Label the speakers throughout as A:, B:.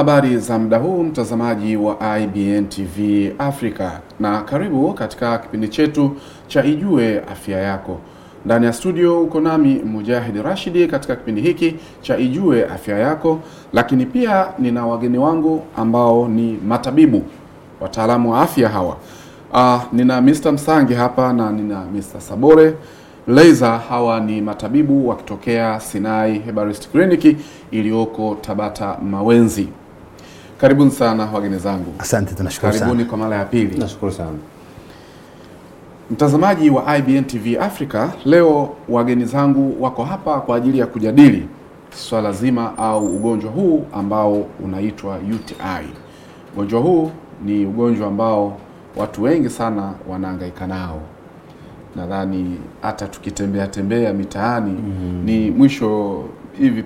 A: Habari za muda huu mtazamaji wa IBN TV Africa, na karibu katika kipindi chetu cha Ijue Afya Yako. Ndani ya studio uko nami Mujahid Rashidi katika kipindi hiki cha Ijue Afya Yako, lakini pia nina wageni wangu ambao ni matabibu wataalamu wa afya hawa. Ah, nina Mr. Msangi hapa na nina Mr. Sabore Leiza. Hawa ni matabibu wakitokea Sinai Hebarist iliyoko Tabata Mawenzi. Karibuni sana wageni zangu. Asante,
B: tunashukuru sana. Karibuni
A: kwa mara ya pili. Nashukuru sana mtazamaji wa IBN TV Africa. Leo wageni zangu wako hapa kwa ajili ya kujadili swala zima au ugonjwa huu ambao unaitwa UTI. Ugonjwa huu ni ugonjwa ambao watu wengi sana wanahangaika nao. Nadhani hata tukitembea tembea mitaani mm -hmm. ni mwisho hivi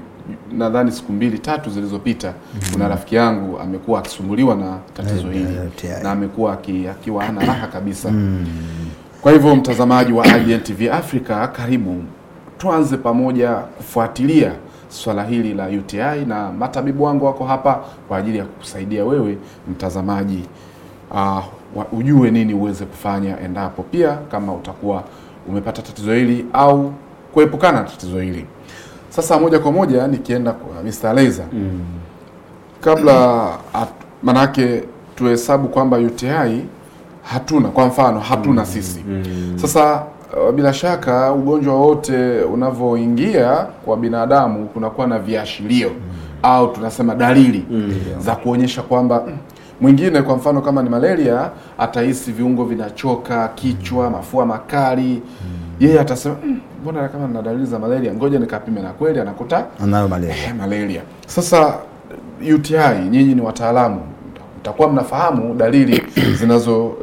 A: nadhani siku mbili tatu zilizopita mm -hmm. Kuna rafiki yangu amekuwa akisumbuliwa na tatizo hili na amekuwa akiwa hana raha kabisa mm -hmm. Kwa hivyo mtazamaji wa IGN TV Africa, karibu tuanze pamoja kufuatilia swala hili la UTI na matabibu wangu wako hapa kwa ajili ya kukusaidia wewe mtazamaji, uh, ujue nini uweze kufanya endapo pia kama utakuwa umepata tatizo hili au kuepukana na tatizo hili. Sasa moja kwa moja nikienda kwa Mr. Laser mm. kabla manake tuhesabu kwamba UTI hatuna, kwa mfano hatuna mm. sisi mm. Sasa uh, bila shaka ugonjwa wote unavyoingia kwa binadamu kunakuwa na viashirio mm. au tunasema dalili mm. za kuonyesha kwamba mm, mwingine kwa mfano kama ni malaria atahisi viungo vinachoka, kichwa, mm. mafua makali mm yeye atasema mm, mbona mm, kama nina dalili za malaria, ngoja nikapime, na kweli anakuta
B: anayo malaria. Eh,
A: malaria. Sasa UTI, nyinyi ni wataalamu, mtakuwa mnafahamu dalili zinazo uh,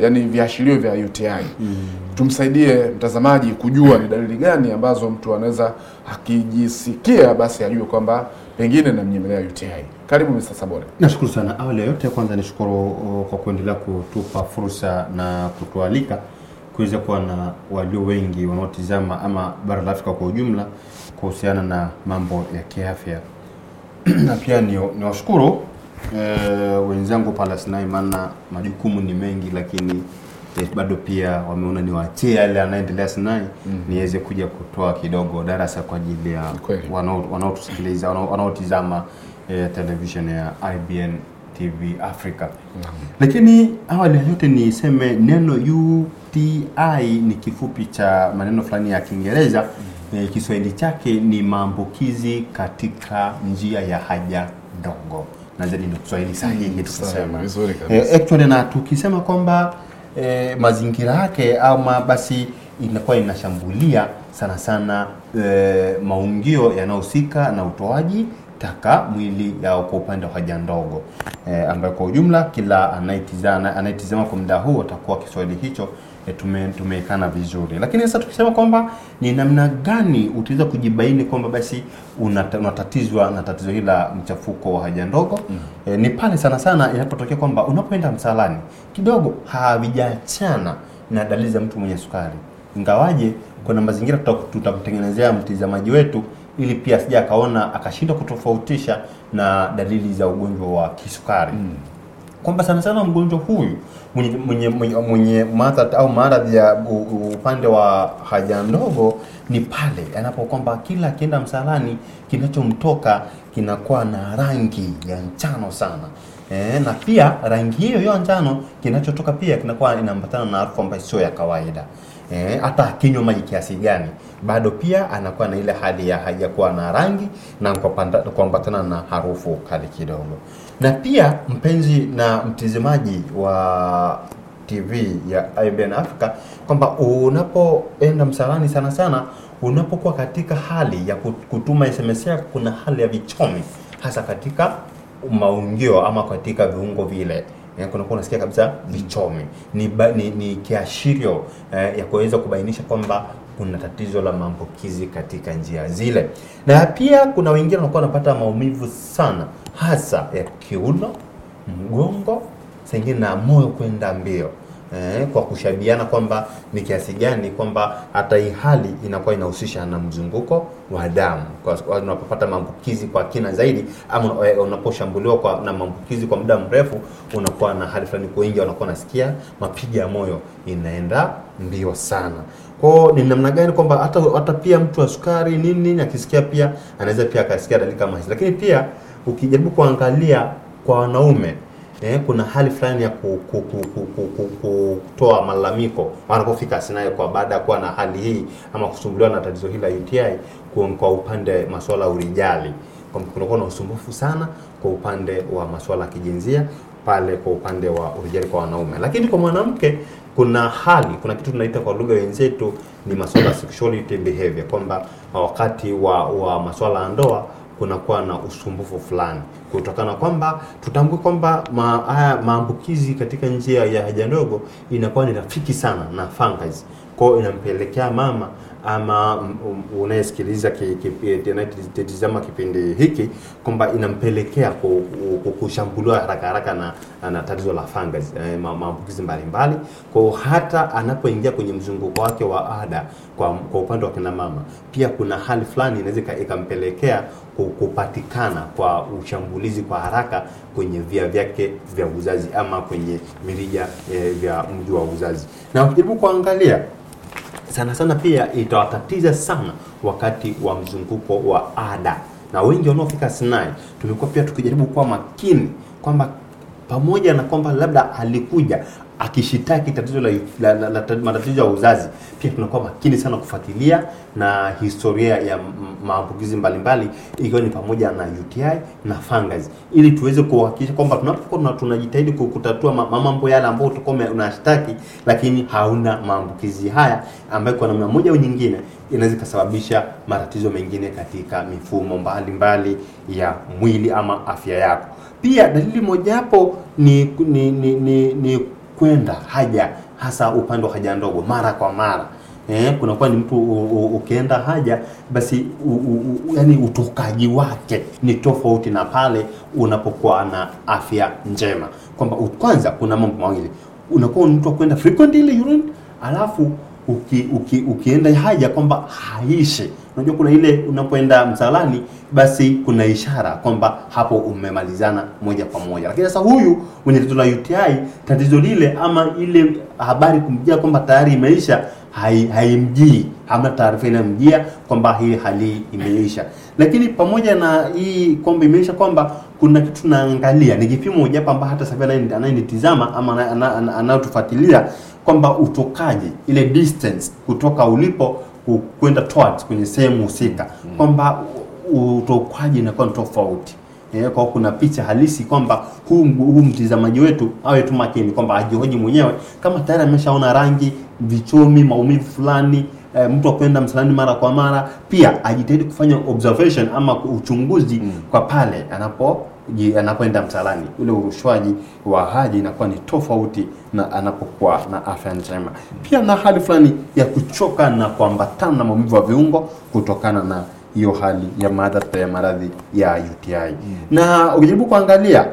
A: yani viashirio vya UTI mm. Tumsaidie mtazamaji kujua ni dalili gani ambazo mtu anaweza akijisikia basi ajue kwamba pengine namnyemelea UTI. Karibu Mr. Sabore.
C: Nashukuru sana. Awali ya yote, kwanza nishukuru uh, kwa kuendelea kutupa fursa na kutualika kuweza kuwa na walio wengi wanaotizama ama bara la Afrika kwa ujumla kuhusiana na mambo ya kiafya. na pia ni, ni washukuru eh, wenzangu pala Sinai, maana majukumu ni mengi, lakini eh, bado pia wameona ni waachie yale anaendelea Sinai mm -hmm. niweze kuja kutoa kidogo darasa kwa ajili ya wanaotusikiliza wanaotizama eh, television ya IBN TV Africa. Mm -hmm. Lakini awali ya yote niseme neno UTI ni kifupi cha maneno fulani ya Kiingereza. mm -hmm. E, Kiswahili chake ni maambukizi katika njia ya haja ndogo. Nadhani ndio Kiswahili sahihi mm, tukisema. E, eh, actually na tukisema kwamba e, mazingira yake ama basi inakuwa inashambulia sana sana e, maungio yanayohusika na utoaji taka mwili yao kwa upande wa haja ndogo e, ambayo kwa ujumla kila anaitizama anaitizama kwa muda huu atakuwa Kiswahili hicho e, tume, tumeekana vizuri. Lakini sasa tukisema kwamba ni namna gani utaweza kujibaini kwamba basi unatatizwa na tatizo hili la mchafuko wa haja ndogo mm. E, ni pale sana sana inapotokea kwamba unapoenda msalani kidogo havijachana na dalili za mtu mwenye sukari, ingawaje kuna mazingira tutakutengenezea mtizamaji wetu ili pia asija akaona akashindwa kutofautisha na dalili za ugonjwa wa kisukari mm. Kwamba sana sana mgonjwa huyu mwenye, mwenye, mwenye, mwenye madhara au maradhi ya upande wa haja ndogo ni pale anapo kwamba kila akienda msalani kinachomtoka kinakuwa na rangi ya njano sana. E, na pia rangi hiyo hiyo njano kinachotoka pia kinakuwa inaambatana na harufu ambayo sio ya kawaida. Eh, hata akinywa maji kiasi gani bado pia anakuwa na ile hali ya hajakuwa na rangi na kuambatana na harufu kali kidogo. Na pia mpenzi na mtizamaji wa TV ya IBN Africa kwamba unapoenda msalani sana sana, unapokuwa katika hali ya kutuma SMS yako, kuna hali ya vichomi hasa katika maungio ama katika viungo vile Eh, unakuwa unasikia kabisa vichome, ni, ba, ni, ni kiashirio eh, ya kuweza kubainisha kwamba kuna tatizo la maambukizi katika njia zile, na pia kuna wengine wanakuwa wanapata maumivu sana hasa ya kiuno, mgongo, sengine na moyo kwenda mbio eh, kwa kushabiana kwamba ni kiasi gani kwamba hata hii hali inakuwa inahusisha na mzunguko wa damu, unapopata maambukizi kwa kina zaidi ama eh, unaposhambuliwa kwa na maambukizi kwa muda mrefu, unakuwa na hali fulani kuingia, unakuwa nasikia mapigo ya moyo inaenda mbio sana. Kwa ni namna gani kwamba hata hata pia mtu wa sukari nini nini akisikia pia anaweza pia akasikia dalili kama hizi, lakini pia ukijaribu kuangalia kwa wanaume eh, kuna hali fulani ya kutoa malalamiko wanapofika Sinai kwa baada ya kuwa na hali hii ama kusumbuliwa na tatizo hili la UTI. Kwa upande masuala ya urijali, kunakuwa na usumbufu sana kwa upande wa masuala ya kijinsia pale kwa upande wa urijali kwa wanaume, lakini kwa mwanamke kuna hali, kuna kitu tunaita kwa lugha wenzetu ni masuala sexuality behavior, kwamba wakati wa, wa masuala ya ndoa kunakuwa na usumbufu fulani, kutokana kwamba tutambue kwamba haya maambukizi katika njia ya haja ndogo inakuwa ni rafiki sana na fungus, kwao inampelekea mama ama unayesikiliza kitizama kipindi hiki kwamba inampelekea kushambuliwa haraka haraka na, na tatizo la fungus eh, maambukizi mbalimbali. kwao hata anapoingia kwenye mzunguko wake wa ada kwa, kwa upande wa kina mama pia kuna hali fulani inaweza ikampelekea kupatikana kwa ushambulizi kwa haraka kwenye via vyake vya uzazi ama kwenye mirija eh, vya mji wa uzazi na ukijaribu kuangalia sana sana pia itawatatiza sana wakati wa mzunguko wa ada, na wengi wanaofika Sinai tumekuwa pia tukijaribu kuwa makini kwamba pamoja na kwamba labda alikuja akishitaki tatizo la, la, la, la matatizo ya uzazi, pia tunakuwa makini sana kufuatilia na historia ya maambukizi mbalimbali, ikiwa ni pamoja na UTI na fungus, ili tuweze kuhakikisha kwamba tunapokuwa tunajitahidi kutatua mambo yale ambayo utakuwa unashtaki, lakini hauna maambukizi haya ambayo kwa namna moja au nyingine inaweza ikasababisha matatizo mengine katika mifumo mbalimbali mbali ya mwili ama afya yako. Pia dalili mojawapo ni, ni, ni, ni, ni kwenda haja, hasa upande wa haja ndogo mara kwa mara eh, kunakuwa ni mtu ukienda haja basi u, u, u, yani utokaji wake ni tofauti na pale unapokuwa na afya njema, kwamba kwanza kuna mambo mawili, unakuwa mtu wa kwenda frequently urine alafu uki, uki, ukienda haja kwamba haishi. Unajua kuna ile unapoenda msalani, basi kuna ishara kwamba hapo umemalizana moja kwa moja. Lakini sasa huyu mwenye tatizo la UTI, tatizo lile ama ile habari kumjia kwamba tayari imeisha haimjii, hai hamna taarifa inayomjia kwamba hii hali imeisha. Lakini pamoja na hii kwamba imeonyesha kwamba kuna kitu tunaangalia, ni kipimo mojawapo ambayo hata sasa anayenitizama ama anayotufuatilia kwamba utokaje ile distance kutoka ulipo kwenda towards kwenye sehemu husika mm. kwamba utokaji inakuwa tofauti eh, kwa kuna picha halisi kwamba huu huu mtizamaji wetu awe tu makini kwamba ajihoji mwenyewe, kama tayari ameshaona rangi, vichomi, maumivu fulani eh, mtu akwenda msalani mara kwa mara, pia ajitahidi kufanya observation ama uchunguzi mm. kwa pale anapo anapoenda msalani, ule urushwaji wa haji inakuwa ni tofauti na anapokuwa na afya njema. Pia na hali fulani ya kuchoka na kuambatana na maumivu ya viungo kutokana na hiyo hali ya madhara ya maradhi ya UTI mm. na ukijaribu kuangalia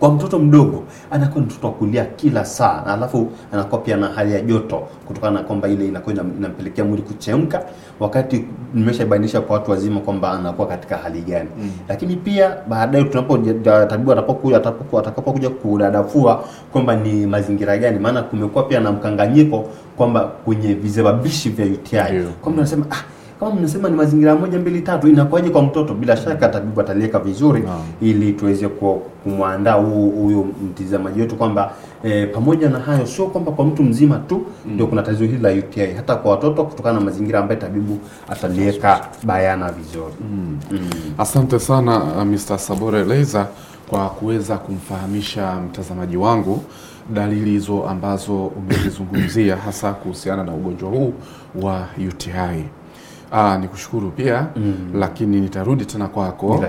C: kwa mtoto mdogo anakuwa mtoto wa kulia kila saa, alafu anakuwa pia na hali ya joto, kutokana na kwamba ile inakuwa inampelekea mwili kuchemka, wakati nimeshabainisha kwa watu wazima kwamba anakuwa katika hali gani. Mm. Lakini pia baadaye tunapotabibu atakapokuja atakapokuja kudadafua kwamba ni mazingira gani, maana kumekuwa pia na mkanganyiko kwamba kwenye visababishi vya UTI, kwamba anasema ah kama mnasema ni mazingira moja mbili tatu, inakuwaje kwa mtoto? Bila shaka tabibu ataliweka vizuri no. ili tuweze kumwandaa huyu mtizamaji wetu kwamba e, pamoja na hayo sio kwamba kwa mtu mzima tu mm. ndio kuna tatizo hili la UTI, hata kwa watoto, kutokana na mazingira ambayo tabibu ataliweka
A: bayana vizuri mm. Mm. Asante sana uh, Mr. Sabore Leza kwa kuweza kumfahamisha mtazamaji wangu dalili hizo ambazo umezizungumzia hasa kuhusiana na ugonjwa huu wa UTI. Aa, ah, ni kushukuru pia mm. Lakini nitarudi tena kwako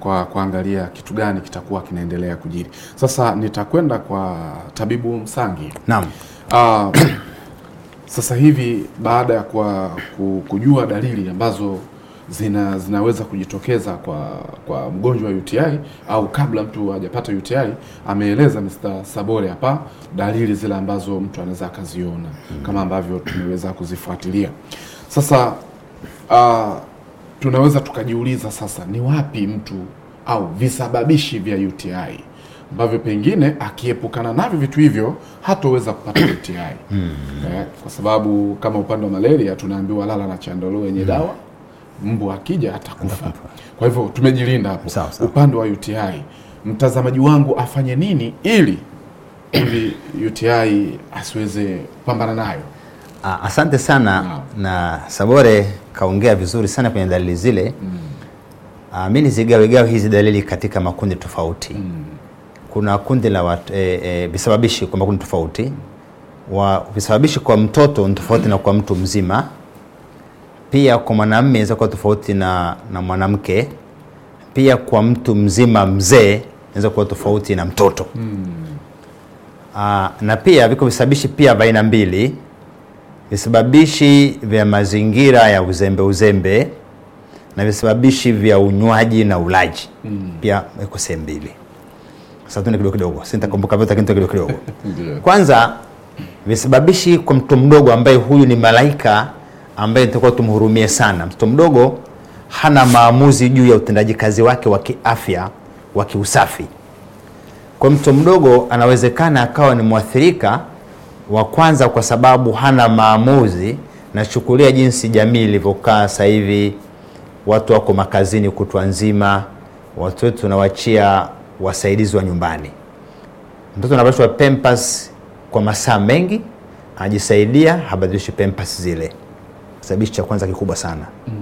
A: kwa kuangalia kwa kitu gani kitakuwa kinaendelea kujiri. Sasa nitakwenda kwa Tabibu Msangi. Naam. Aa, ah, sasa hivi baada ya kwa kujua dalili ambazo zina, zinaweza kujitokeza kwa, kwa mgonjwa wa UTI au kabla mtu hajapata UTI, ameeleza Mr. Sabore hapa dalili zile ambazo mtu anaweza akaziona mm. kama ambavyo tumeweza kuzifuatilia sasa uh, tunaweza tukajiuliza sasa ni wapi mtu au visababishi vya UTI ambavyo pengine akiepukana navyo vitu hivyo hatoweza kupata UTI mm. Eh, kwa sababu kama upande wa malaria tunaambiwa lala na chandarua yenye mm. dawa mbu akija atakufa. Kwa hivyo tumejilinda hapo. Upande wa UTI, mtazamaji wangu afanye nini ili ili UTI asiweze kupambana nayo?
B: Ah, asante sana na, na Sabore kaongea vizuri sana kwenye dalili zile mm. Uh, ah, mi nizigawegawe hizi dalili katika makundi tofauti mm. Kuna kundi la watu, e, eh, e, eh, visababishi kwa makundi tofauti wa visababishi kwa mtoto ni tofauti na kwa mtu mzima. Pia kwa mwanamume inaweza kuwa tofauti na, na mwanamke. Pia kwa mtu mzima mzee inaweza kuwa tofauti na mtoto mm. Aa, ah, na pia viko visababishi pia baina mbili visababishi vya mazingira ya uzembe uzembe na visababishi vya unywaji na ulaji mm. pia iko sehemu mbili. Sasa kidogo kidogo, sitakumbuka vyote lakini kidogo kidogo. Kwanza visababishi kwa mtoto mdogo ambaye huyu ni malaika ambaye nitakuwa tumhurumie sana. Mtoto mdogo hana maamuzi juu ya utendaji kazi wake wa kiafya wa kiusafi. Kwa mtoto mdogo anawezekana akawa ni mwathirika wa kwanza kwa sababu hana maamuzi. Nachukulia jinsi jamii ilivyokaa sasa hivi, watu wako makazini kutwa nzima, watoto tunawachia wasaidizi wa nyumbani. Mtoto anapashwa pempas kwa masaa mengi, anajisaidia, habadilishi pempas zile. Sababu cha kwanza kikubwa sana mm.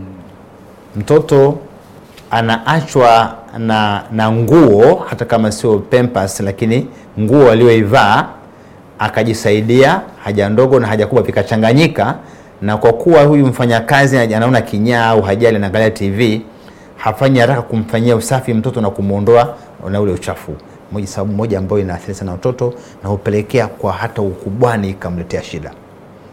B: mtoto anaachwa na, na nguo hata kama sio pempas, lakini nguo aliyoivaa akajisaidia haja ndogo na haja kubwa vikachanganyika, na kwa kuwa huyu mfanyakazi anaona kinyaa au hajali, anaangalia TV, hafanyi haraka kumfanyia usafi mtoto na kumwondoa na ule uchafu moja, sababu moja ambayo inaathiri sana watoto na hupelekea kwa hata ukubwani ikamletea shida.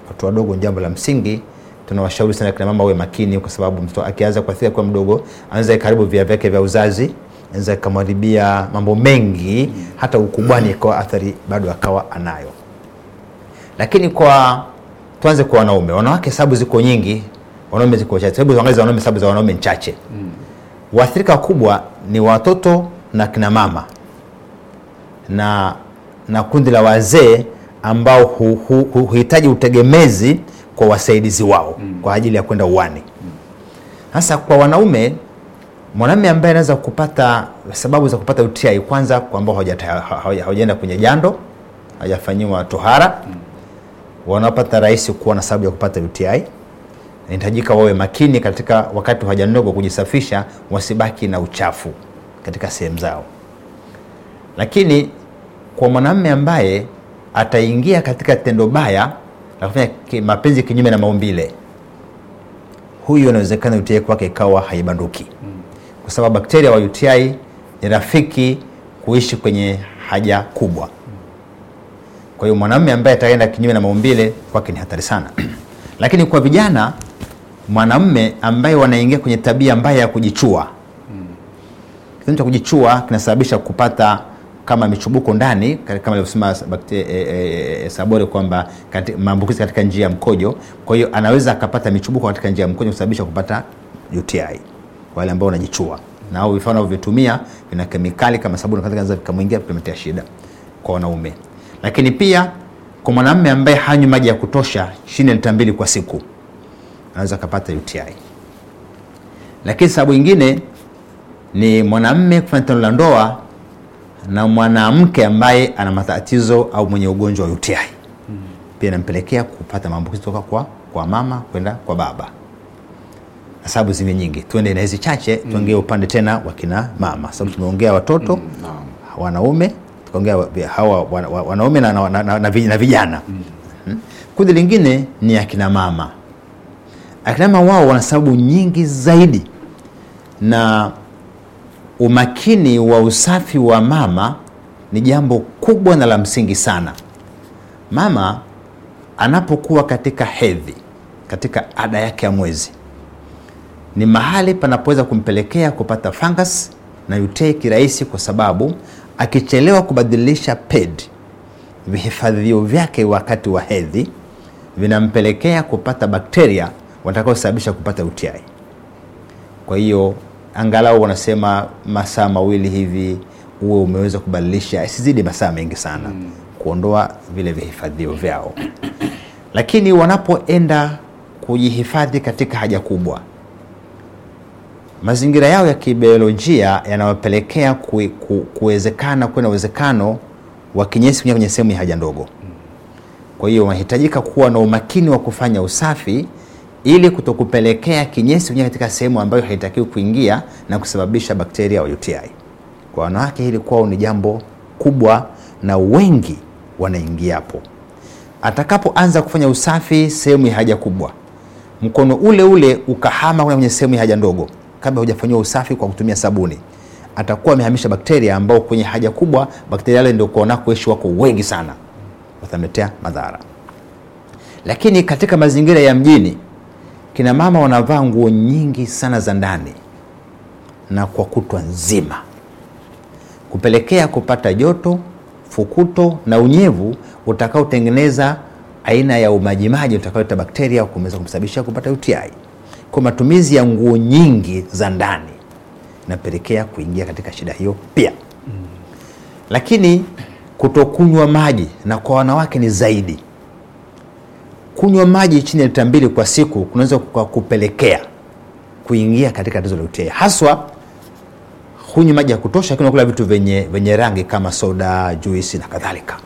B: Watoto wadogo jambo la msingi, tunawashauri sana kina mama wawe makini, kwa sababu mtoto akianza kuathirika kwa mdogo anaweza karibu via vyake vya uzazi inaweza ikamharibia mambo mengi, hata ukubwani ikawa athari bado akawa anayo. Lakini kwa tuanze kwa wanaume, wanawake sababu ziko nyingi, wanaume ziko chache. Hebu tuangalie wanaume, sababu za wanaume chache. Hmm. Waathirika kubwa ni watoto na kina mama na, na kundi la wazee ambao huhitaji hu, hu, utegemezi kwa wasaidizi wao mm. kwa ajili ya kwenda uwani. Hmm. Sasa kwa wanaume mwanamume ambaye anaweza kupata sababu za kupata UTI, kwanza kwamba hawajaenda kwenye jando, hawajafanyiwa tohara mm. rahisi kuwa na sababu ya kupata UTI inahitajika wawe makini katika wakati wa haja ndogo kujisafisha, wasibaki na uchafu katika sehemu zao. Lakini kwa mwanamume ambaye ataingia katika tendo baya la kufanya mapenzi kinyume na maumbile, huyu inawezekana UTI kwake ikawa haibanduki kwa sababu bakteria wa UTI ni rafiki kuishi kwenye haja kubwa. Kwa hiyo mwanamume ambaye ataenda kinyume na maumbile kwake ni hatari sana lakini kwa vijana, mwanamume ambaye wanaingia kwenye tabia mbaya ya kujichua hmm. Kitendo cha kujichua kinasababisha kupata kama michubuko ndani kama alivyosema e, e, e, Sabore kwamba maambukizi katika njia ya mkojo. Kwa hiyo anaweza akapata michubuko katika njia ya mkojo kusababisha kupata UTI kwa wale ambao wanajichua na au vifaa wanavyotumia vina kemikali kama sabuni, kaza vikamwingia vikamletea shida kwa wanaume. Lakini pia kwa mwanamume ambaye hanywi maji ya kutosha chini ya lita mbili kwa siku anaweza kupata UTI. Lakini sababu nyingine ni mwanamume kufanya tendo la ndoa na mwanamke ambaye ana matatizo au mwenye ugonjwa wa UTI, hmm. pia inampelekea kupata maambukizi kutoka kwa, kwa mama kwenda kwa baba na sababu zingine nyingi. Tuende na hizi chache, mm. tuongee upande tena wa kina mama, sababu tumeongea watoto mm, no. wanaume tukaongea hawa wanaume na, na, na, na, na vijana mm. hmm? Kundi lingine ni akina mama. Akina mama wao wana sababu nyingi zaidi, na umakini wa usafi wa mama ni jambo kubwa na la msingi sana. Mama anapokuwa katika hedhi, katika ada yake ya mwezi ni mahali panapoweza kumpelekea kupata fungus na UTI kirahisi, kwa sababu akichelewa kubadilisha ped vihifadhio vyake wakati wa hedhi vinampelekea kupata bakteria watakaosababisha kupata UTI. Kwa hiyo angalau wanasema masaa mawili hivi uwe umeweza kubadilisha, isizidi masaa mengi sana mm, kuondoa vile vihifadhio vyao. Lakini wanapoenda kujihifadhi katika haja kubwa mazingira yao ya kibiolojia yanawapelekea kuwezekana kuwe na uwezekano wa kinyesi kuingia kwenye sehemu ya haja ndogo. Kwa hiyo wanahitajika kuwa na umakini wa kufanya usafi ili kutokupelekea kinyesi kuingia katika sehemu ambayo haitakiwi kuingia na kusababisha bakteria wa UTI. Kwa wanawake hili kwao ni jambo kubwa, na wengi wanaingiapo. Atakapoanza kufanya usafi sehemu ya haja kubwa, mkono ule ule ukahama kwenye sehemu ya haja ndogo kabla hujafanyiwa usafi kwa kutumia sabuni, atakuwa amehamisha bakteria ambao kwenye haja kubwa bakteria wale ndio kwa kuishi wako wengi sana, watamletea madhara. Lakini katika mazingira ya mjini, kina mama wanavaa nguo nyingi sana za ndani na kwa kutwa nzima, kupelekea kupata joto, fukuto na unyevu utakaotengeneza aina ya umajimaji utakayoleta bakteria kumeza kumsababisha kupata UTI kwa matumizi ya nguo nyingi za ndani inapelekea kuingia katika shida hiyo pia Lakini kutokunywa maji, na kwa wanawake ni zaidi, kunywa maji chini ya lita mbili kwa siku kunaweza kupelekea kuingia katika tatizo la UTI, haswa hunywi maji ya kutosha, lakini unakula vitu vyenye, vyenye rangi kama soda, juisi na kadhalika,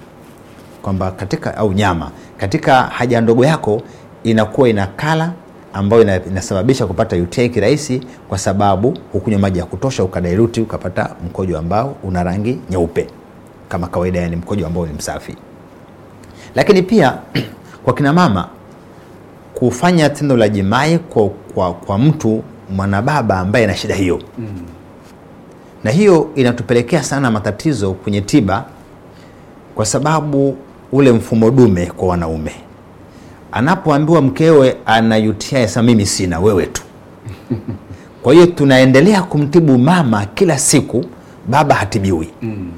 B: kwamba katika au nyama katika haja ndogo yako inakuwa inakala ambayo inasababisha kupata UTI kirahisi, kwa sababu hukunywa maji ya kutosha, ukadairuti ukapata mkojo ambao una rangi nyeupe kama kawaida, yani mkojo ambao ni msafi. Lakini pia kwa kina mama kufanya tendo la jimai kwa, kwa, kwa mtu mwanababa ambaye ana shida hiyo mm. Na hiyo inatupelekea sana matatizo kwenye tiba, kwa sababu ule mfumo dume kwa wanaume anapoambiwa mkewe ana UTI, sasa mimi sina, wewe tu. Kwa hiyo tunaendelea kumtibu mama kila siku, baba hatibiwi mm.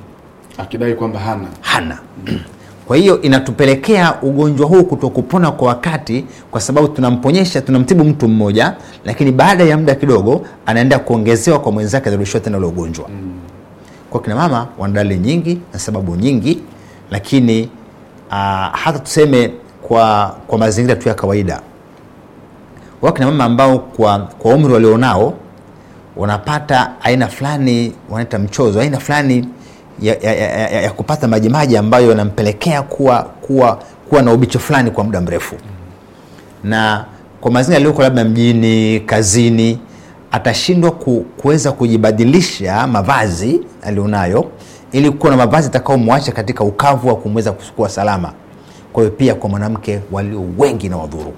A: akidai kwamba hana hana
B: mm. Kwa hiyo inatupelekea ugonjwa huu kutokupona kwa wakati, kwa sababu tunamponyesha, tunamtibu mtu mmoja, lakini baada ya muda kidogo anaenda kuongezewa kwa mwenzake, aliyeshwa tena ule ugonjwa mm. Kwa kina mama wana dalili nyingi na sababu nyingi, lakini uh, hata tuseme kwa, kwa mazingira tu ya kawaida. Wakina mama ambao kwa, kwa umri walionao wanapata aina fulani wanaita mchozo, aina fulani ya, ya, ya, ya, ya kupata majimaji ambayo yanampelekea kuwa, kuwa, kuwa na ubicho fulani kwa muda mrefu, na kwa mazingira yaliyoko labda mjini, kazini, atashindwa ku, kuweza kujibadilisha mavazi alionayo ili kuwa na mavazi atakaomwacha katika ukavu wa kumweza kusukua salama. Kwa hiyo pia kwa mwanamke walio wengi na wadhuru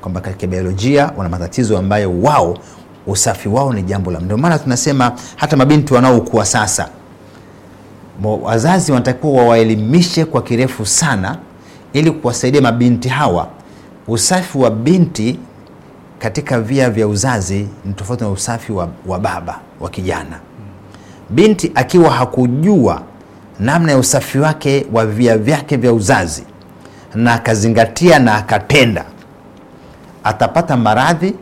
B: kwamba katika biolojia wana matatizo ambayo wao usafi wao ni jambo la, ndio maana tunasema hata mabinti wanaokuwa sasa, wazazi wanatakiwa wawaelimishe kwa kirefu sana, ili kuwasaidia mabinti hawa. Usafi wa binti katika via vya uzazi ni tofauti na usafi wa, wa baba wa kijana. Binti akiwa hakujua namna ya usafi wake wa via vyake vya uzazi na akazingatia na akatenda, atapata maradhi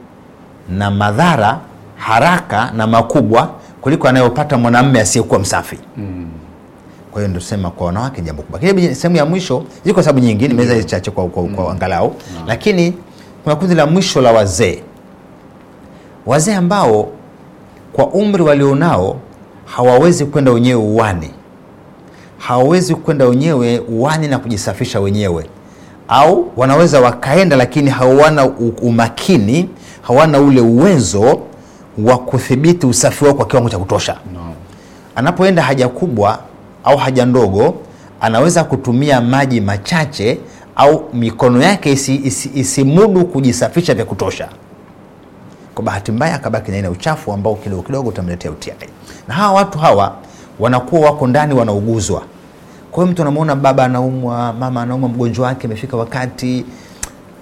B: na madhara haraka na makubwa kuliko anayopata mwanamume asiyekuwa msafi mm. Kwa hiyo ndio sema kwa wanawake jambo kubwa. Kile sehemu ya mwisho, ziko sababu nyingi nimeweza hizi chache kwa, kwa, mm. kwa angalau mm. Lakini kuna kundi la mwisho la wazee, wazee ambao kwa umri walionao hawawezi kwenda wenyewe uwani, hawawezi kwenda wenyewe uwani na kujisafisha wenyewe au wanaweza wakaenda, lakini hawana umakini, hawana ule uwezo wa kudhibiti usafi wao kwa kiwango cha kutosha no. Anapoenda haja kubwa au haja ndogo, anaweza kutumia maji machache au mikono yake isimudu isi, isi kujisafisha vya kutosha. Kwa bahati mbaya akabaki na ina uchafu ambao kidogo kidogo utamletea UTI, na hawa watu hawa wanakuwa wako ndani wanauguzwa kwa hiyo mtu anamwona baba anaumwa, mama anaumwa, mgonjwa wake amefika wakati,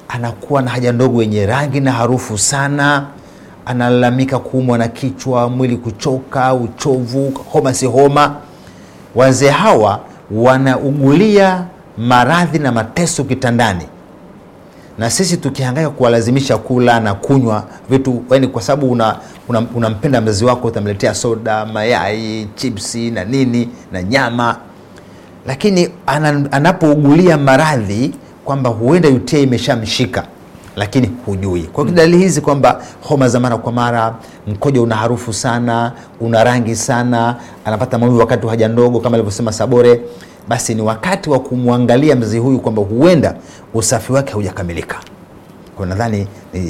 B: anakuwa na haja ndogo yenye rangi na harufu sana, analalamika kuumwa na kichwa, mwili kuchoka, uchovu, homa si homa. Wazee hawa wanaugulia maradhi na mateso kitandani, na sisi tukihangaika kuwalazimisha kula na kunywa vitu, yani kwa sababu unampenda una, una mzazi wako, utamletea soda, mayai, chipsi na nini na nyama lakini anapougulia maradhi kwamba huenda UTI imeshamshika lakini hujui. Kwa hiyo hmm. dalili hizi kwamba homa za mara kwa mara, mkojo una harufu sana, una rangi sana, anapata maumivu wakati wa haja ndogo kama alivyosema Sabore, basi ni wakati wa kumwangalia mzazi huyu kwamba huenda usafi wake haujakamilika. Kwa nadhani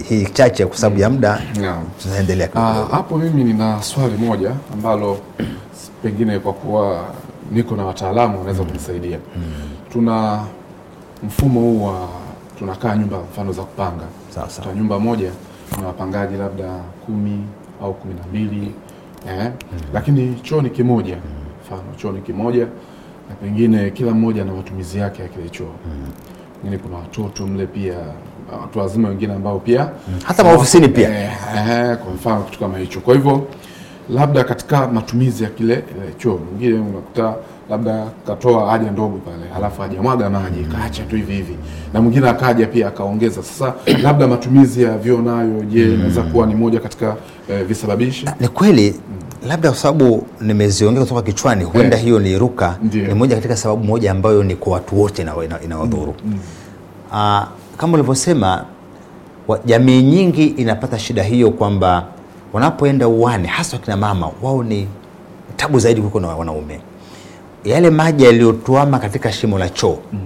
B: hii chache kwa sababu ya muda hmm. tunaendelea.
A: Ah, hapo mimi nina swali moja ambalo pengine kwa kuwa niko na wataalamu wanaweza kunisaidia. mm -hmm. Tuna mfumo huu wa tunakaa nyumba mfano za kupanga sasa. Tuna nyumba moja na wapangaji labda kumi au kumi na mbili eh? mm -hmm. Lakini choo ni kimoja mfano, mm -hmm. choo ni kimoja na pengine kila mmoja na matumizi yake ya kile choo. mm -hmm. kuna watoto mle pia watu wazima wengine ambao pia mm-hmm. hata maofisini pia eh, eh, kwa mfano kitu kama hicho, kwa hivyo labda katika matumizi ya kile eh, choo. Mwingine unakuta labda katoa haja ndogo pale, halafu hajamwaga maji, kaacha tu hivi hivi, na mwingine akaja pia akaongeza. Sasa labda matumizi ya vyoo nayo, je, hmm. inaweza kuwa ni moja katika eh, visababishi? Ni kweli hmm. labda
B: kwa sababu nimeziongea kutoka kichwani, huenda eh, hiyo niruka ni moja katika sababu moja ambayo ni kwa watu wote inawadhuru ina, ina hmm. Ah, kama ulivyosema, jamii nyingi inapata shida hiyo kwamba wanapoenda uwani, hasa wakina mama, wao ni tabu zaidi kuliko na wanaume. Yale maji yaliyotuama katika shimo la choo mm.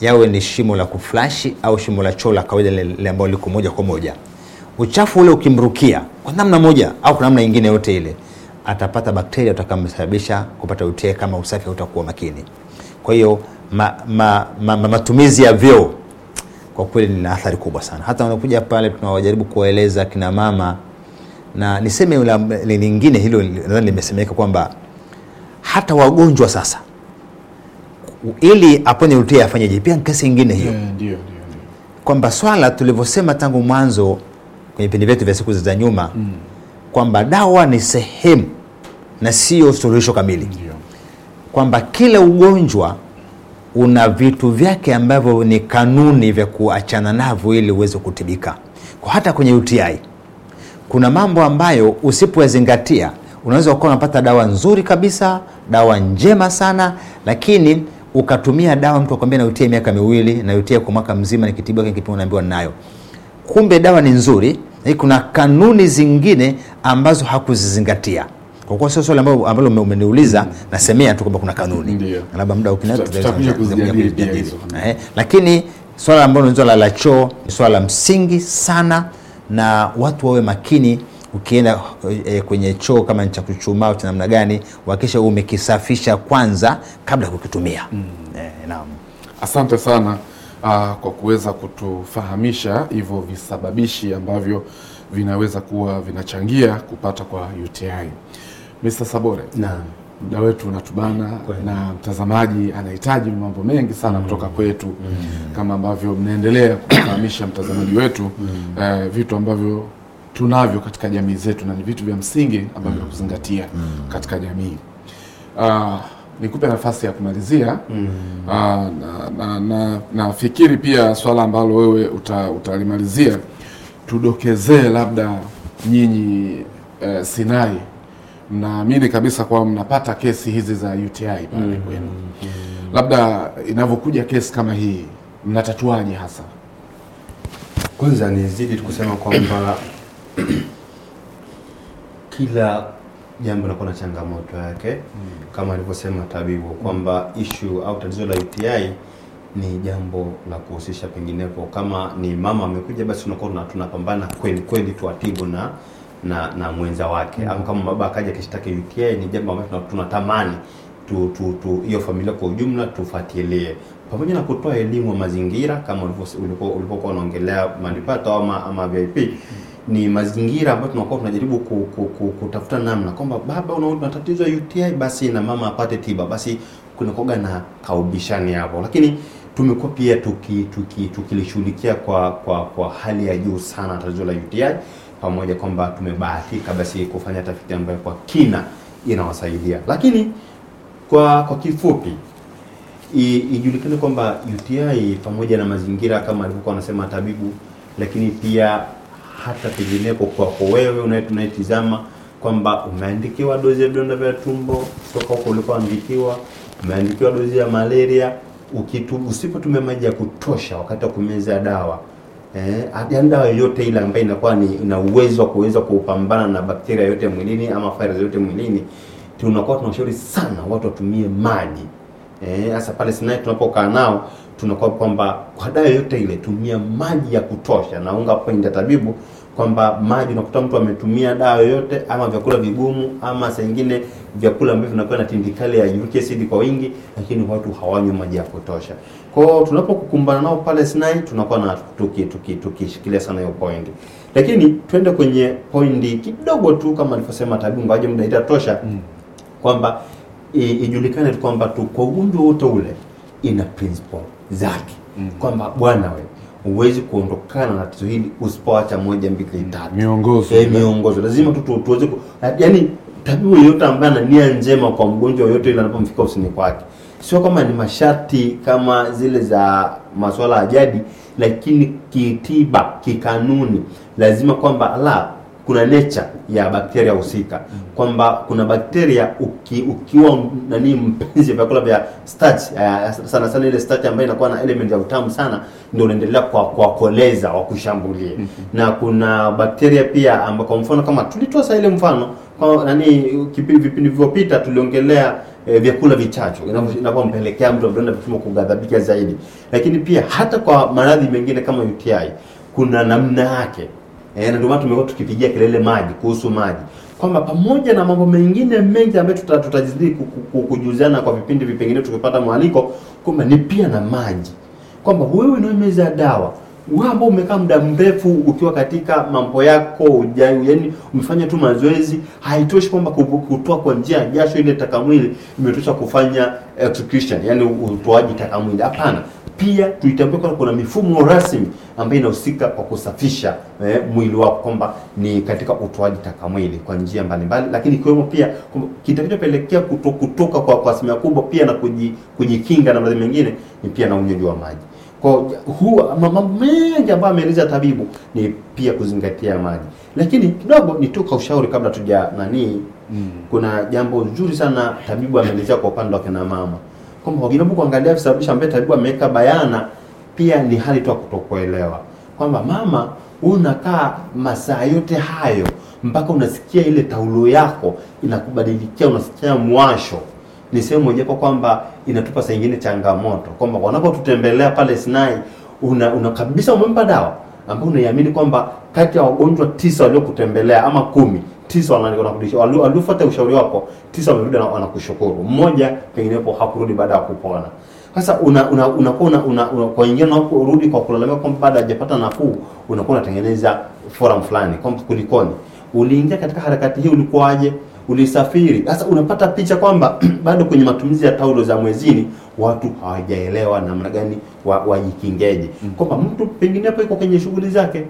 B: yawe ni shimo la kuflashi au shimo la choo la kawaida lile ambalo liko moja kwa moja, uchafu ule ukimrukia kwa namna moja au kwa namna nyingine yote ile, atapata bakteria utakamsababisha kupata UTI kama usafi hautakuwa makini. Kwa hiyo ma, ma, ma, ma, matumizi ya vyoo kwa kweli ni athari kubwa sana. Hata wanakuja pale tunawajaribu kuwaeleza kina mama na niseme lingine hilo nadhani limesemeka kwamba hata wagonjwa sasa ili apone utia afanyeje, pia kesi ingine hiyo yeah, kwamba swala tulivyosema tangu mwanzo kwenye vipindi vyetu vya siku za nyuma mm. kwamba dawa ni sehemu na sio suluhisho kamili kwamba kila ugonjwa una vitu vyake ambavyo ni kanuni vya kuachana navyo ili uweze kutibika, kwa hata kwenye UTI kuna mambo ambayo usipoyazingatia unaweza ukawa unapata dawa nzuri kabisa, dawa njema sana, lakini ukatumia dawa, mtu akwambia nautia miaka miwili, nautia kwa mwaka mzima, nikitibiwa kile kipimo naambiwa nayo, kumbe dawa ni nzuri, lakini kuna kanuni zingine ambazo hakuzizingatia. Kwa kuwa sio swali ambalo umeniuliza, nasemea tu kwamba kuna kanuni, labda muda ukijadili. Eh, lakini swala ambalo ni swala la choo ni swala la msingi sana na watu wawe makini ukienda e, kwenye choo kama ni cha kuchumaa cha namna gani, wakisha umekisafisha kwanza kabla ya kukitumia. mm.
A: E, naam, asante sana aa, ah, kwa kuweza kutufahamisha hivyo visababishi ambavyo vinaweza kuwa vinachangia kupata kwa UTI. Mr. Sabore, naam muda wetu unatubana na mtazamaji anahitaji mambo mengi sana mm. kutoka kwetu mm. kama ambavyo mnaendelea kufahamisha mtazamaji wetu mm. eh, vitu ambavyo tunavyo katika jamii zetu na ni vitu vya msingi ambavyo mm. kuzingatia mm. katika jamii. Uh, nikupe nafasi ya kumalizia mm. uh, na, na, nafikiri na pia swala ambalo wewe uta, utalimalizia tudokezee labda nyinyi eh, Sinai mnaamini kabisa kwamba mnapata kesi hizi za UTI pale mm. kwenu mm -hmm. labda inavyokuja kesi kama hii mnatatuaje hasa? Kwanza nizidi kusema kwamba
C: kila jambo linakuwa na changamoto yake mm. Kama alivyosema tabibu kwamba issue au tatizo la UTI ni jambo la kuhusisha penginepo, kama ni mama amekuja, basi tunakuwa tunapambana kweli kweli tuatibu na na na mwenza wake mm. au kama baba akaja akishtaki UK ni jambo ambalo tunatamani tu tu tu hiyo familia kwa ujumla tufuatilie pamoja na kutoa elimu ya mazingira kama ulipokuwa unaongelea Manipato ama, ama VIP mm. ni mazingira ambayo tunakuwa tunajaribu ku, ku, ku, kutafuta namna kwamba baba una ya UTI basi na mama apate tiba, basi kunakoga na kaubishani hapo, lakini tumekuwa pia tukilishughulikia tuki, tuki kwa, kwa, kwa hali ya juu sana tatizo la UTI pamoja kwamba tumebahatika basi kufanya tafiti ambayo kwa kina inawasaidia, lakini kwa kwa kifupi ijulikane kwamba UTI pamoja na mazingira kama alivyokuwa anasema tabibu, lakini pia hata pengineko kwako wewe unayetizama kwamba umeandikiwa dozi ya vidonda vya tumbo kutoka huko ulikoandikiwa, umeandikiwa dozi ya malaria. Usipotumia maji ya kutosha wakati wa kumeza dawa eh, ajenda yoyote ile ambayo inakuwa ni na uwezo wa kuweza kupambana na bakteria yote mwilini ama virus yote mwilini, tunakuwa tunashauri sana watu watumie maji eh, hasa eh, pale Sinai tunapokaa nao tunakuwa kwamba kwa dawa yoyote ile tumia maji ya kutosha. Naunga point ya tabibu kwamba maji, unakuta mtu ametumia dawa yoyote ama vyakula vigumu ama saa nyingine vyakula ambavyo vinakuwa na tindikali ya uric acid kwa wingi, lakini watu hawanywi maji ya kutosha. Kwa hiyo tunapokukumbana nao pale Sinai, tunakuwa na tukishikilia tuki, tuki, sana hiyo point, lakini twende kwenye pointi kidogo tu kama alivyosema tabibu, ingawaje muda itatosha mm. kwamba ijulikane kwamba tu kwa ugonjwa wote ule ina principle zake mm. kwamba bwana wewe huwezi kuondokana na tatizo hili usipoacha moja mbili tatu, miongozo eh, miongozo lazima tu tuweze ku, yaani, tabibu yeyote ambaye ana nia njema kwa mgonjwa yoyote ile anapomfika usini kwake, sio kama ni masharti kama zile za masuala ya jadi, lakini kitiba kikanuni lazima kwamba la kuna nature ya bakteria husika mm. kwamba kuna bakteria uki, ukiwa nani mpenzi ya vyakula vya starch uh, sana sana ile starch ambayo inakuwa na element ya utamu sana ndio unaendelea kwa kuwakoleza wakushambulie. Mm-hmm. Na kuna bakteria pia amba, kwa mfano kama tulitoa ile mfano kwa nani vipindi vilivyopita tuliongelea E, vyakula vichacho inapompelekea mtu vidonda vya kugadhabika zaidi, lakini pia hata kwa maradhi mengine kama UTI kuna namna yake. Eh, na ndio maana tumekuwa tukipigia kelele maji kuhusu maji kwamba pamoja na mambo mengine mengi ambayo tutajizidi kujuziana kwa vipindi vipengine tukipata mwaliko kwamba ni pia na maji, kwamba wewe unameza dawa wewe ambao umekaa muda mrefu ukiwa katika mambo yako ujayu, yani umefanya tu mazoezi, haitoshi kwamba kutoa kwa njia ya jasho ile takamwili imetosha kufanya execution, eh, yani utoaji takamwili. Hapana, pia tuitambue kwamba kuna mifumo rasmi ambayo inahusika kwa kusafisha eh, mwili wako kwamba ni katika utoaji taka mwili kwa njia mbalimbali, lakini ikiwemo pia kitakachopelekea kuto, kutoka kwa, asilimia kubwa pia na kujikinga na maradhi mengine ni pia na unywaji wa maji. Kwa mambo mengi ambayo ameeleza tabibu ni pia kuzingatia maji, lakini kidogo nitoka ushauri kabla tuja nani mm. Kuna jambo nzuri sana tabibu ameelezea kwa upande wa kina mama kwamba wakijaribu kuangalia visababishi ambavyo tabibu ameweka bayana, pia ni hali tu ya kutokuelewa kwamba mama, unakaa masaa yote hayo mpaka unasikia ile taulo yako inakubadilikia, unasikia mwasho. Ni sehemu mojawapo kwamba inatupa saa nyingine changamoto kwamba wanapotutembelea pale Sinai una, una kabisa umempa dawa ambayo unaiamini kwamba kati ya wagonjwa tisa waliokutembelea ama kumi tisa wanakurudisha, waliofuata ushauri wako tisa wamerudi na wanakushukuru, mmoja penginepo hakurudi baada ya kupona. Sasa unakuwa una, una, una, una, kwa na kurudi kwa kulalamika kwamba baada hajapata nafuu, unakuwa unatengeneza forum fulani kwamba kulikoni, uliingia katika harakati hii, ulikuwaje, ulisafiri. Sasa unapata picha kwamba bado kwenye matumizi ya taulo za mwezini watu hawajaelewa namna gani wajikingeje, wa mm. kwamba mtu penginepo iko kwenye shughuli zake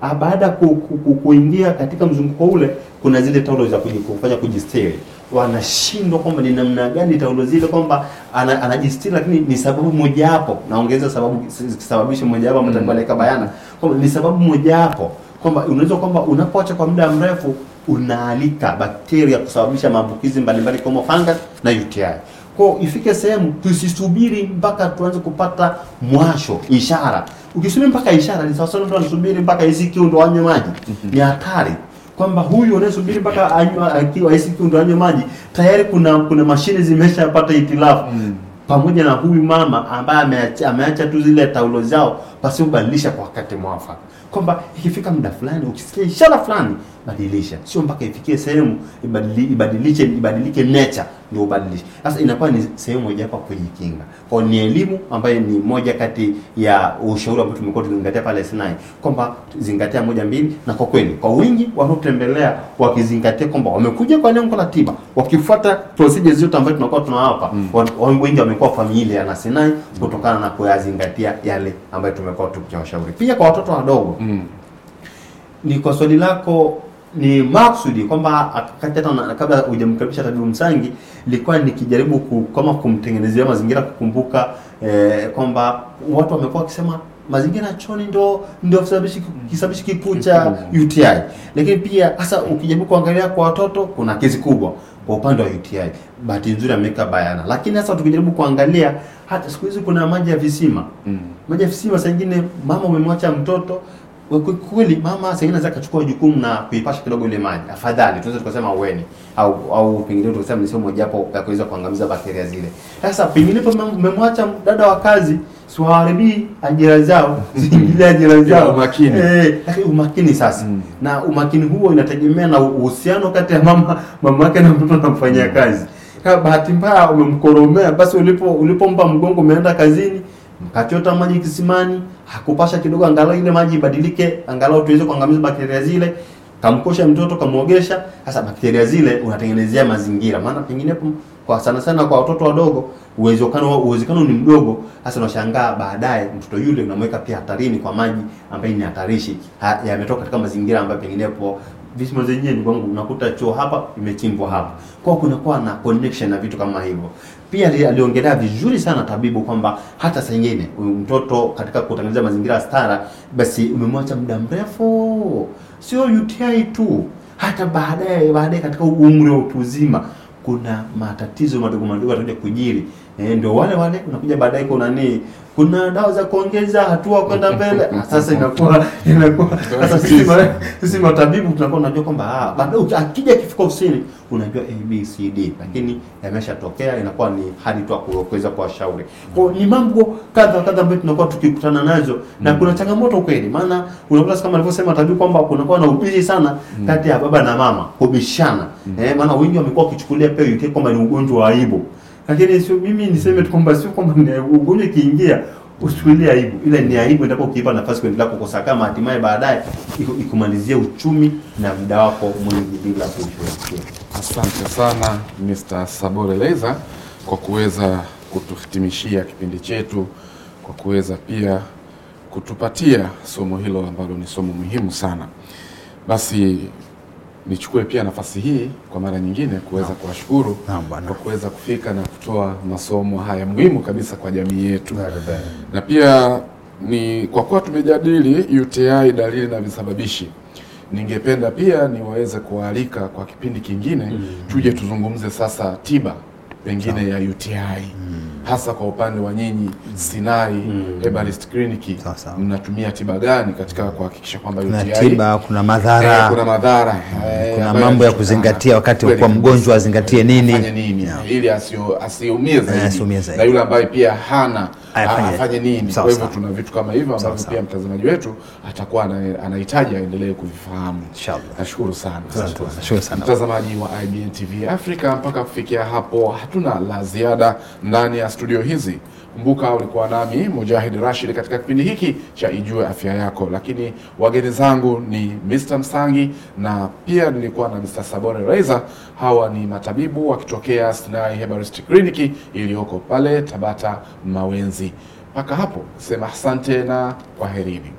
C: Ah, baada ya ku, ku, kuingia katika mzunguko ule, kuna zile taulo za kufanya kujistiri. Wanashindwa kwamba ni namna gani taulo zile, kwamba anajistiri lakini ni sababu hapo, naongeza sababu moja mojawapo ambayo mm. nitakueleka bayana kwamba ni sababu hapo kwamba unaweza kwamba unapoacha kwa muda mrefu unaalika bakteria kusababisha maambukizi mbalimbali kama fungus na UTI. Kwa ifike sehemu tusisubiri mpaka tuanze kupata mwasho ishara. Ukisubiri mpaka ishara ni sawasawa mtu anasubiri mpaka hisi kiu ndo anywe maji. Mhm. Ni hatari kwamba huyu anayesubiri mpaka anywe akiwa hisi kiu ndo anywe maji, tayari kuna kuna mashine zimeshapata itilafu. Mm. Pamoja na huyu mama ambaye ameacha, ameacha tu zile taulo zao pasi kubadilisha kwa wakati mwafaka, kwamba ikifika muda fulani ukisikia ishara fulani badilisha, sio mpaka ifikie sehemu ibadilishe ibadilike nature ndio ubadilishe. Sasa inakuwa ni sehemu moja hapa kujikinga, kwa ni elimu ambayo ni moja kati ya ushauri ambao tumekuwa tukizingatia pale Sinai, kwamba zingatia moja mbili, na kwa kweli kwa wingi wanaotembelea wakizingatia kwamba wamekuja kwa lengo la tiba, wakifuata procedures zote ambazo tunakuwa tunawapa mm. wengi wamekuwa familia na Sinai kutokana na kuyazingatia yale ambayo tumekuwa tukiwashauri. Pia kwa watoto wadogo mm. ni kwa swali lako ni maksudi kwamba kabla hujamkaribisha Tabibu Msangi, ilikuwa nikijaribu kama kumtengenezea mazingira kukumbuka eh, kwamba watu wamekuwa wakisema mazingira ya chooni ndo ndio kisababishi kikuu cha UTI, lakini pia hasa ukijaribu kuangalia kwa watoto kuna kesi kubwa kwa upande wa UTI. Bahati nzuri ameweka bayana, lakini hasa tukijaribu kuangalia hata siku hizi kuna maji ya visima mm. maji ya visima saa nyingine mama umemwacha mtoto kweli mama sasa anaweza akachukua jukumu na kuipasha kidogo ile maji, afadhali tunaweza tukasema uweni au au pengine tukasema ni sio hapo ya kuweza kuangamiza bakteria zile. Sasa pengine mmemwacha dada wa kazi, siwaharibii ajira zao, sijiingilie ajira zao umakini, eh, lakini umakini sasa mm. na umakini huo inategemea na uhusiano kati ya mama mama yake na mtoto anamfanyia mm. kazi. Kama bahati mbaya umemkoromea, basi ulipo ulipompa mgongo umeenda kazini mkachota maji kisimani, hakupasha kidogo angalau ile maji ibadilike, angalau tuweze kuangamiza bakteria zile. Kamkosha mtoto kamuogesha, sasa bakteria zile unatengenezea mazingira, maana pengine kwa sana sana kwa watoto wadogo uwezekano uwezekano ni mdogo. Sasa unashangaa baadaye mtoto yule unamweka pia hatarini kwa maji ambayo ni hatarishi, yametoka katika mazingira ambayo pengine po visima zenyewe ni kwangu unakuta choo hapa imechimbwa hapa, kwa kunakuwa na connection na vitu kama hivyo. Pia aliongelea vizuri sana tabibu kwamba hata saa nyingine mtoto katika kutengeneza mazingira ya stara, basi umemwacha muda mrefu, sio UTI tu, hata baadaye baadaye katika umri wa utu uzima kuna matatizo madogo madogo yatakuja kujiri eh, ndio wale wale unakuja baadaye kuna nini kuna dawa za kuongeza hatua kwenda mbele. Sasa inakuwa inakuwa sasa sisi sisi matabibu tunakuwa tunajua kwamba ah, baadaye akija kifika ofisini unajua A B C D, lakini yameshatokea inakuwa ni hali tu kuweza kuwashauri. Kwa ni mambo kadha kadha ambayo tunakuwa tukikutana nazo na mm. kuna changamoto kweli, maana unakuta kama alivyosema tabibu kwamba kunakuwa na ubishi sana mm. kati ya baba na mama kubishana, mm. eh, maana wengi wamekuwa wakichukulia PUK kwamba ni ugonjwa wa aibu. Lakini sio mimi niseme tu kwamba sio kwamba ugonjwa kiingia usichukulie aibu, ila ni aibu endapo ukiipa nafasi kuendelea kukosa, kama hatimaye baadaye ikumalizia uchumi na muda wako mwingi bila kushughulikia.
A: Asante sana Mr. Leza kwa kuweza kutuhitimishia kipindi chetu kwa kuweza pia kutupatia somo hilo ambalo ni somo muhimu sana. Basi nichukue pia nafasi hii kwa mara nyingine kuweza kuwashukuru kwa kuweza kufika na kutoa masomo haya muhimu kabisa kwa jamii yetu na, na pia ni kwa kuwa tumejadili UTI dalili na visababishi, ningependa pia niwaweze kuwaalika kwa kipindi kingine mm. tuje tuzungumze sasa tiba pengine Sama. ya UTI mm hasa kwa upande wa nyinyi Sinai mm. Evarist Clinic mnatumia tiba gani katika kuhakikisha kwamba kuna tiba,
B: kuna madhara, eh, kuna madhara, kuna eh, mambo ya kuzingatia wakati kwa mgonjwa azingatie nini, nini,
A: yeah. ili eh, asiumie zaidi na yule ambaye pia hana afanye nini. Kwa hivyo tuna vitu kama hivyo ambavyo pia mtazamaji wetu atakuwa anahitaji aendelee kuvifahamu. Nashukuru sana, nashukuru sana mtazamaji wa IBN TV Africa. Mpaka kufikia hapo, hatuna la ziada ndani ya studio hizi. Kumbuka ulikuwa nami Mujahid Rashid katika kipindi hiki cha Ijue Afya Yako, lakini wageni zangu ni Mr. Msangi na pia nilikuwa na Mr. Sabore Reza. Hawa ni matabibu wakitokea Sinai Herbalistic Clinic iliyoko pale Tabata Mawenzi. Mpaka hapo sema asante na kwaherini.